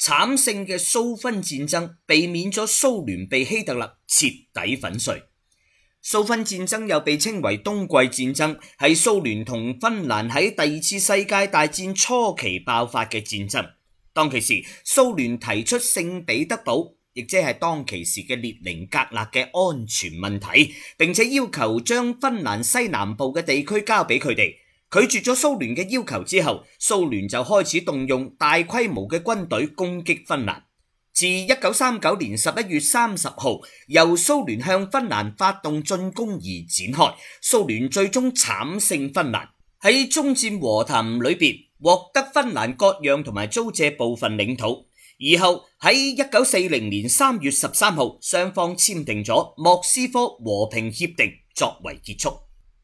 慘勝嘅蘇芬戰爭避免咗蘇聯被希特勒徹底粉碎。蘇芬戰爭又被稱為冬季戰爭，係蘇聯同芬蘭喺第二次世界大戰初期爆發嘅戰爭。當其時，蘇聯提出聖彼得堡，亦即係當其時嘅列寧格勒嘅安全問題，並且要求將芬蘭西南部嘅地區交俾佢哋。拒絕咗蘇聯嘅要求之後，蘇聯就開始動用大規模嘅軍隊攻擊芬蘭。自一九三九年十一月三十號，由蘇聯向芬蘭發動進攻而展開，蘇聯最終慘勝芬蘭。喺終戰和談裏邊，獲得芬蘭割讓同埋租借部分領土。而後喺一九四零年三月十三號，雙方簽訂咗莫斯科和平協定，作為結束。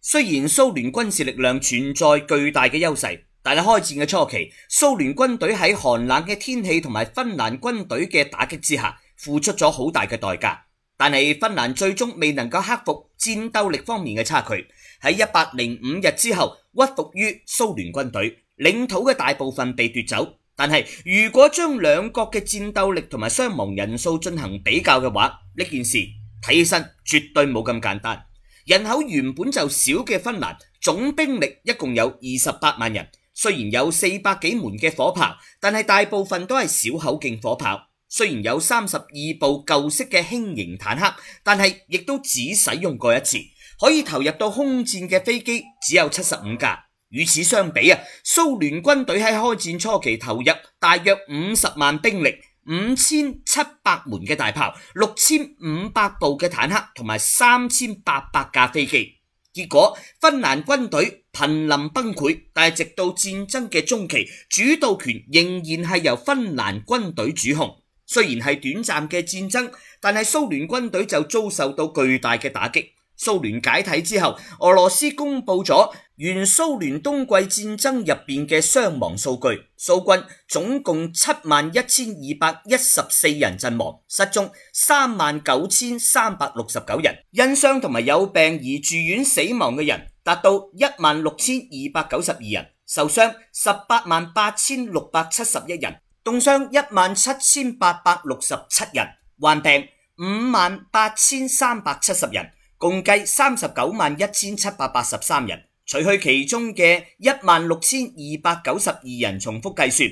雖然蘇聯軍事力量存在巨大嘅優勢，但喺開戰嘅初期，蘇聯軍隊喺寒冷嘅天氣同埋芬蘭軍隊嘅打擊之下，付出咗好大嘅代價。但係芬蘭最終未能夠克服戰鬥力方面嘅差距，喺一百零五日之後屈服於蘇聯軍隊，領土嘅大部分被奪走。但係如果將兩國嘅戰鬥力同埋傷亡人數進行比較嘅話，呢件事睇起身絕對冇咁簡單。人口原本就少嘅芬蘭，總兵力一共有二十八萬人。雖然有四百幾門嘅火炮，但係大部分都係小口徑火炮。雖然有三十二部舊式嘅輕型坦克，但係亦都只使用過一次。可以投入到空戰嘅飛機只有七十五架。與此相比啊，蘇聯軍隊喺開戰初期投入大約五十萬兵力。五千七百門嘅大炮，六千五百部嘅坦克，同埋三千八百架飛機，結果芬蘭軍隊瀕臨崩潰。但係直到戰爭嘅中期，主導權仍然係由芬蘭軍隊主控。雖然係短暫嘅戰爭，但係蘇聯軍隊就遭受到巨大嘅打擊。蘇聯解體之後，俄羅斯公布咗。原蘇聯冬季戰爭入邊嘅傷亡數據，蘇軍總共七萬一千二百一十四人陣亡，失蹤三萬九千三百六十九人，因傷同埋有病而住院死亡嘅人達到一萬六千二百九十二人，受傷十八萬八千六百七十一人，凍傷一萬七千八百六十七人，患病五萬八千三百七十人，共計三十九萬一千七百八十三人。除去其中嘅一萬六千二百九十二人重複計算，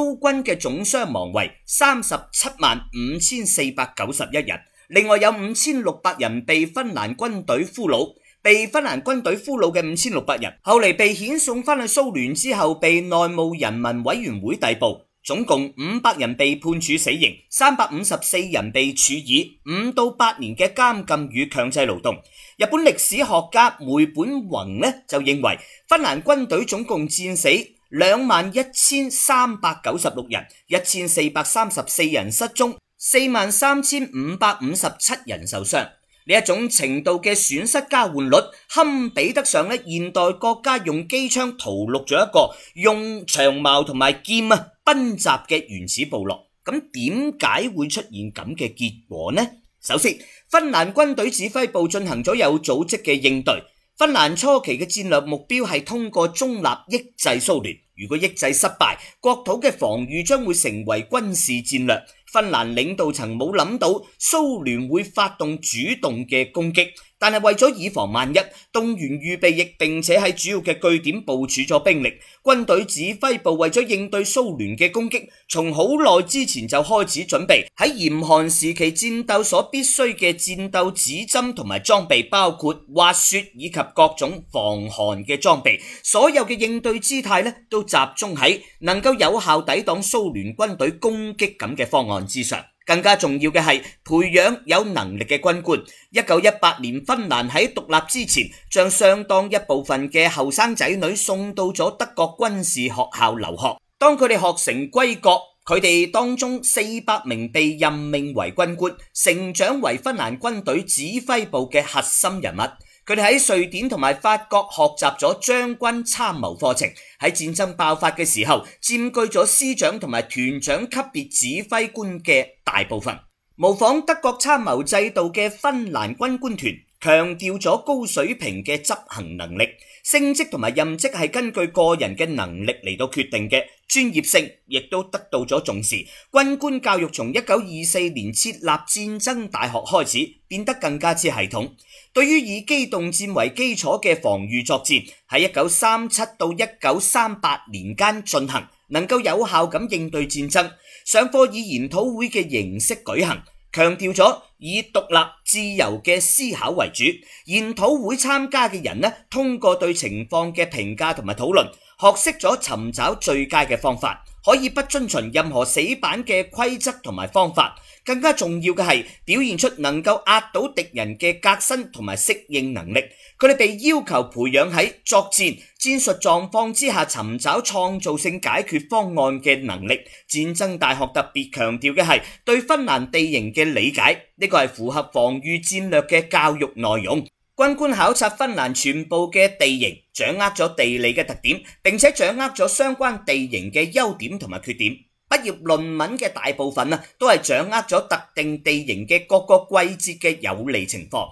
蘇軍嘅總傷亡為三十七萬五千四百九十一人，另外有五千六百人被芬蘭軍隊俘虜，被芬蘭軍隊俘虜嘅五千六百人，後嚟被遣送翻去蘇聯之後，被內務人民委員會逮捕。總共五百人被判處死刑，三百五十四人被處以五到八年嘅監禁與強制勞動。日本歷史學家梅本宏呢就認為，芬蘭軍隊總共戰死兩萬一千三百九十六人，一千四百三十四人失蹤，四萬三千五百五十七人受傷。呢一種程度嘅損失交換率，堪比得上呢現代國家用機槍屠戮咗一個用長矛同埋劍啊奔襲嘅原始部落，咁點解會出現咁嘅結果呢？首先，芬蘭軍隊指揮部進行咗有組織嘅應對。芬蘭初期嘅戰略目標係通過中立抑制蘇聯，如果抑制失敗，國土嘅防禦將會成為軍事戰略。芬蘭領導層冇諗到蘇聯會發動主動嘅攻擊。但係為咗以防萬一，動員預備役，並且喺主要嘅據點部署咗兵力。軍隊指揮部為咗應對蘇聯嘅攻擊，從好耐之前就開始準備喺嚴寒時期戰鬥所必須嘅戰鬥指針同埋裝備，包括滑雪以及各種防寒嘅裝備。所有嘅應對姿態呢，都集中喺能夠有效抵擋蘇聯軍隊攻擊咁嘅方案之上。更加重要嘅係培養有能力嘅軍官。一九一八年，芬蘭喺獨立之前，將相當一部分嘅後生仔女送到咗德國軍事學校留學。當佢哋學成歸國，佢哋當中四百名被任命為軍官，成長為芬蘭軍隊指揮部嘅核心人物。佢哋喺瑞典同埋法國學習咗將軍參謀課程，喺戰爭爆發嘅時候佔據咗師長同埋團長級別指揮官嘅大部分。模仿德國參謀制度嘅芬蘭軍官團，強調咗高水平嘅執行能力。升職同埋任職係根據個人嘅能力嚟到決定嘅，專業性亦都得到咗重視。軍官教育從一九二四年設立戰爭大學開始，變得更加之系統。對於以機動戰為基礎嘅防禦作戰，喺一九三七到一九三八年間進行，能夠有效咁應對戰爭。上課以研討會嘅形式舉行，強調咗以獨立自由嘅思考為主。研討會參加嘅人呢，通過對情況嘅評價同埋討論，學識咗尋找最佳嘅方法，可以不遵循任何死板嘅規則同埋方法。更加重要嘅係，表現出能夠壓倒敵人嘅革新同埋適應能力。佢哋被要求培養喺作戰、戰術狀況之下尋找創造性解決方案嘅能力。戰爭大學特別強調嘅係，對芬蘭地形嘅理解，呢個係符合防禦戰略嘅教育內容。軍官考察芬蘭全部嘅地形，掌握咗地理嘅特點，並且掌握咗相關地形嘅優點同埋缺點。畢業論文嘅大部分啊，都係掌握咗特定地形嘅各個季節嘅有利情況。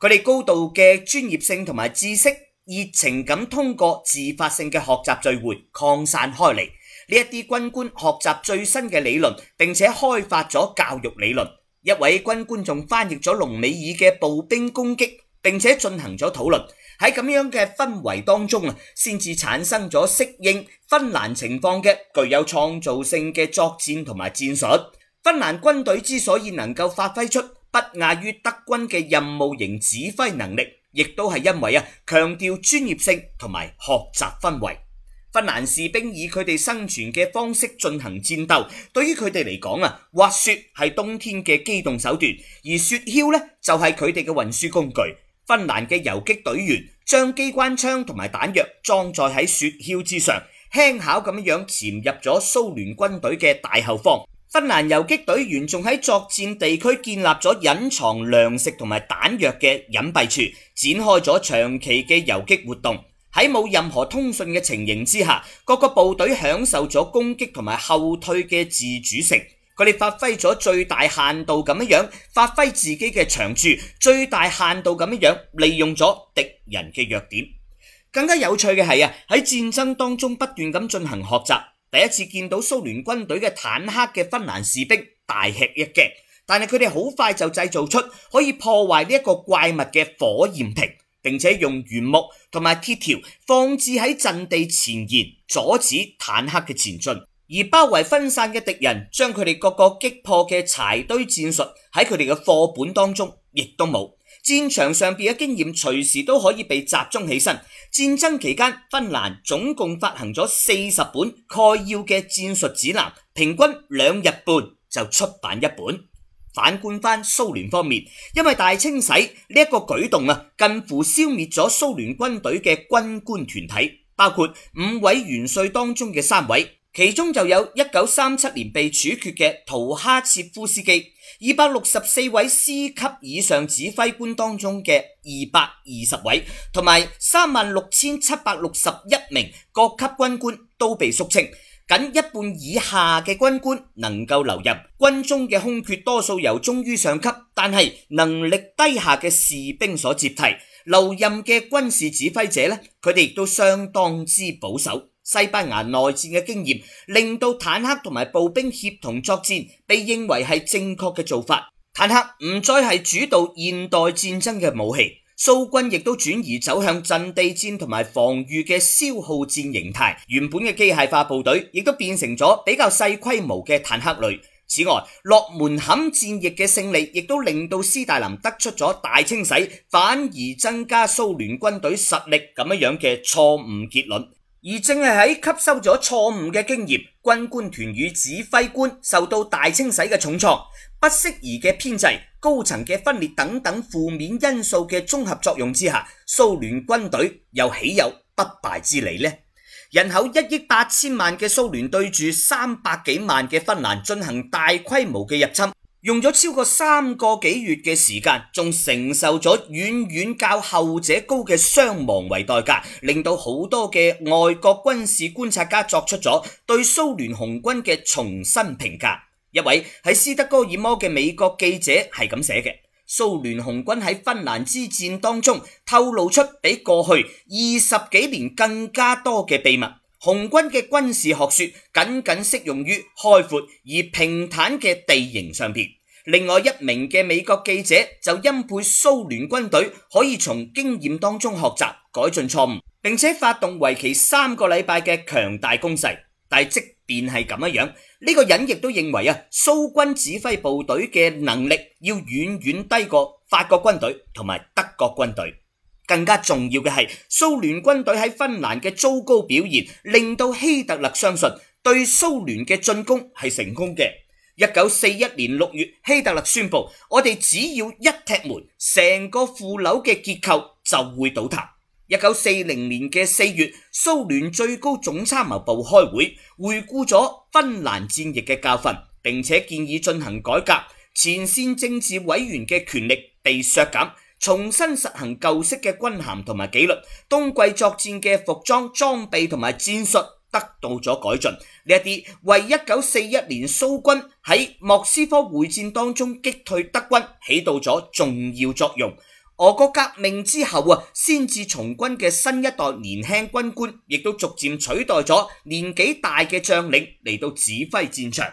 佢哋高度嘅專業性同埋知識熱情，咁通過自發性嘅學習聚會擴散開嚟。呢一啲軍官學習最新嘅理論，並且開發咗教育理論。一位軍官仲翻譯咗隆美爾嘅步兵攻擊，並且進行咗討論。喺咁樣嘅氛圍當中啊，先至產生咗適應芬蘭情況嘅具有創造性嘅作戰同埋戰術。芬蘭軍隊之所以能夠發揮出不亞於德軍嘅任務型指揮能力，亦都係因為啊強調專業性同埋學習氛圍。芬蘭士兵以佢哋生存嘅方式進行戰鬥，對於佢哋嚟講啊，滑雪係冬天嘅機動手段，而雪橇呢，就係佢哋嘅運輸工具。芬蘭嘅游擊隊員將機關槍同埋彈藥裝載喺雪橇之上，輕巧咁樣潛入咗蘇聯軍隊嘅大後方。芬蘭游擊隊員仲喺作戰地區建立咗隱藏糧食同埋彈藥嘅隱蔽處，展開咗長期嘅游擊活動。喺冇任何通訊嘅情形之下，各個部隊享受咗攻擊同埋後退嘅自主性。佢哋發揮咗最大限度咁樣樣，發揮自己嘅長處，最大限度咁樣樣利用咗敵人嘅弱點。更加有趣嘅係啊，喺戰爭當中不斷咁進行學習。第一次見到蘇聯軍隊嘅坦克嘅芬蘭士兵大吃一驚，但係佢哋好快就製造出可以破壞呢一個怪物嘅火焰瓶，並且用原木同埋鐵條放置喺陣地前沿，阻止坦克嘅前進。而包圍分散嘅敵人，將佢哋各個擊破嘅柴堆戰術喺佢哋嘅課本當中亦都冇戰場上邊嘅經驗，隨時都可以被集中起身。戰爭期間，芬蘭總共發行咗四十本概要嘅戰術指南，平均兩日半就出版一本。反觀翻蘇聯方面，因為大清洗呢一個舉動啊，近乎消滅咗蘇聯軍隊嘅軍官團體，包括五位元帥當中嘅三位。其中就有一九三七年被處決嘅圖哈切夫斯基，二百六十四位師級以上指揮官當中嘅二百二十位，同埋三萬六千七百六十一名各級軍官都被肅清，僅一半以下嘅軍官能夠留任，軍中嘅空缺，多數由忠於上級但係能力低下嘅士兵所接替。留任嘅軍事指揮者呢，佢哋亦都相當之保守。西班牙內戰嘅經驗令到坦克同埋步兵協同作戰被認為係正確嘅做法。坦克唔再係主導現代戰爭嘅武器，蘇軍亦都轉移走向陣地戰同埋防御嘅消耗戰形態。原本嘅機械化部隊亦都變成咗比較細規模嘅坦克旅。此外，洛門坎戰役嘅勝利亦都令到斯大林得出咗大清洗，反而增加蘇聯軍隊實力咁樣樣嘅錯誤結論。而正係喺吸收咗錯誤嘅經驗，軍官團與指揮官受到大清洗嘅重挫，不適宜嘅編制，高層嘅分裂等等負面因素嘅綜合作用之下，蘇聯軍隊又豈有不敗之理呢？人口一億八千萬嘅蘇聯對住三百幾萬嘅芬蘭進行大規模嘅入侵。用咗超過三個幾月嘅時間，仲承受咗遠遠較後者高嘅傷亡為代價，令到好多嘅外國軍事觀察家作出咗對蘇聯紅軍嘅重新評價。一位喺斯德哥爾摩嘅美國記者係咁寫嘅：蘇聯紅軍喺芬蘭蘭之戰當中，透露出比過去二十幾年更加多嘅秘密。紅軍嘅軍事學說僅僅適用於開闊而平坦嘅地形上邊。另外一名嘅美國記者就欽佩蘇聯軍隊可以從經驗當中學習改進錯誤，並且發動為期三個禮拜嘅強大攻勢。但即便係咁樣樣，呢、這個人亦都認為啊，蘇軍指揮部隊嘅能力要遠遠低過法國軍隊同埋德國軍隊。更加重要嘅係，蘇聯軍隊喺芬蘭嘅糟糕表現令到希特勒相信對蘇聯嘅進攻係成功嘅。一九四一年六月，希特勒宣布：我哋只要一踢門，成個腐朽嘅結構就會倒塌。一九四零年嘅四月，蘇聯最高總參謀部開會，回顧咗芬蘭戰役嘅教訓，並且建議進行改革，前線政治委員嘅權力被削減。重新實行舊式嘅軍銜同埋紀律，冬季作戰嘅服裝、裝備同埋戰術得到咗改進，呢一啲為一九四一年蘇軍喺莫斯科會戰當中擊退德軍起到咗重要作用。俄國革命之後啊，先至從軍嘅新一代年輕軍官，亦都逐漸取代咗年紀大嘅將領嚟到指揮戰場。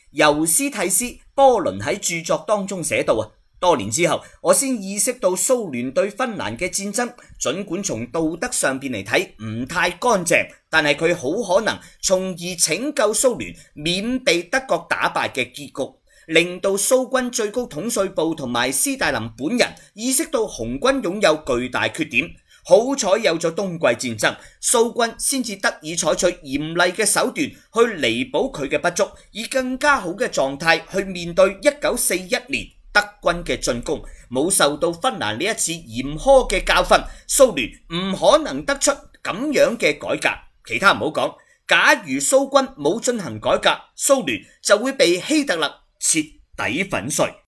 尤斯蒂斯波倫喺著作當中寫道啊，多年之後我先意識到蘇聯對芬蘭嘅戰爭，儘管從道德上邊嚟睇唔太乾淨，但係佢好可能從而拯救蘇聯免被德國打敗嘅結局，令到蘇軍最高統帥部同埋斯大林本人意識到紅軍擁有巨大缺點。好彩有咗冬季戰爭，蘇軍先至得以採取嚴厲嘅手段去彌補佢嘅不足，以更加好嘅狀態去面對一九四一年德軍嘅進攻。冇受到芬蘭呢一次嚴苛嘅教訓，蘇聯唔可能得出咁樣嘅改革。其他唔好講，假如蘇軍冇進行改革，蘇聯就會被希特勒徹底粉碎。